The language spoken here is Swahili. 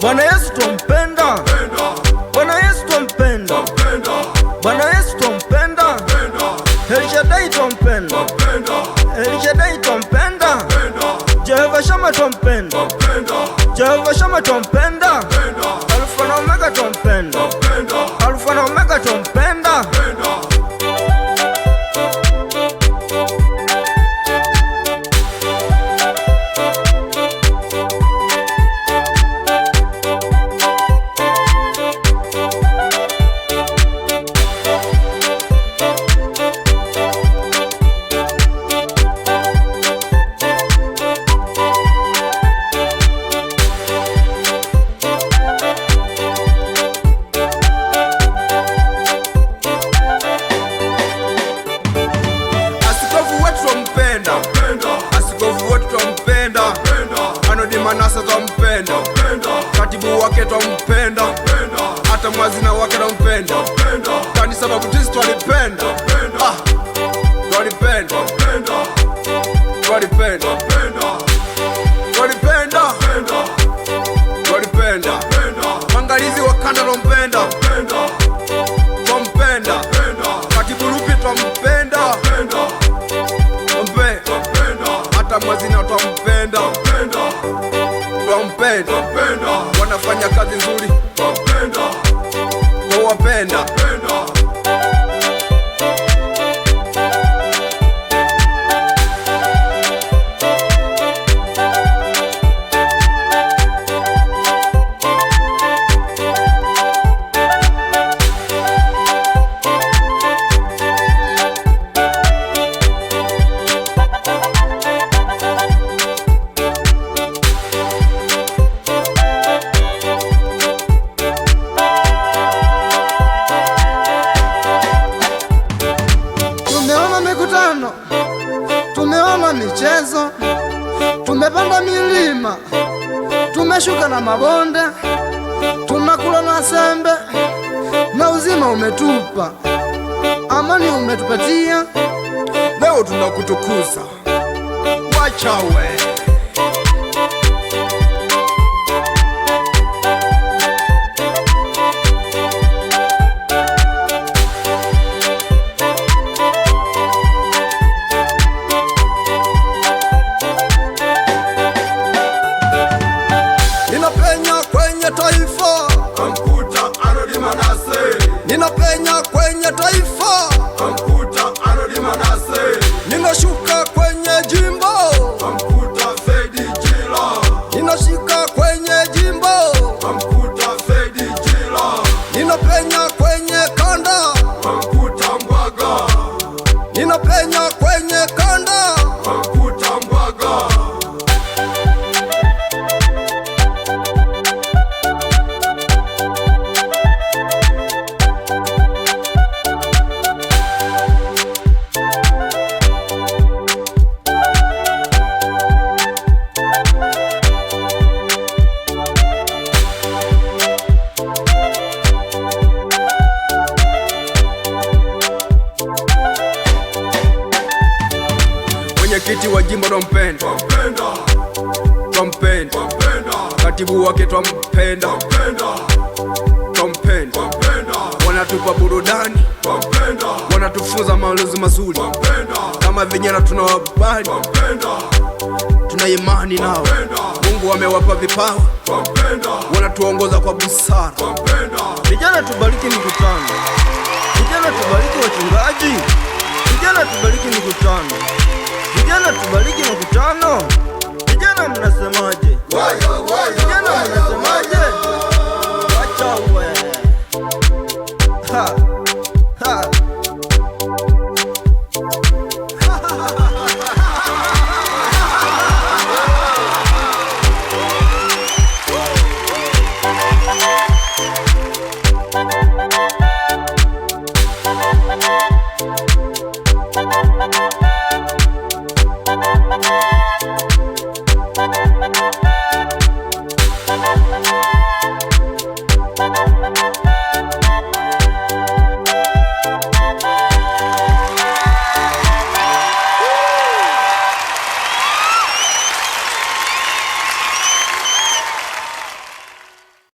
Bwana Yesu twampenda Bwana Yesu twampenda Bwana Yesu twampenda El Shaddai twampenda El Shaddai twampenda Jehova Shama twampenda Jehova Shama twampenda Alfa na Omega twampenda Alfa na Omega twampenda anasa za mpenda, katibu wake twampenda, hata mwazina wake twampenda, kanisa Baptisti twalipenda, ah, twalipenda, twalipenda nzuri wapenda, wanafanya kazi nzuri wapenda, wawapenda michezo, tumepanda milima, tumeshuka na mabonde, tunakula na sembe, na uzima umetupa, amani umetupatia, leo tunakutukuza wachawe aí foi Mwenyekiti wa jimbo twampenda, twampenda, katibu wake twampenda, twampenda, wanatupa burudani, wanatufunza malezi mazuri. Kama vijana tunawabali, tuna imani nao. Mungu amewapa vipawa, wanatuongoza kwa busara. Vijana tubariki mikutano, vijana tubariki wachungaji, vijana tubariki Bwana tubariki mkutano. Vijana mnasemaje? Oh,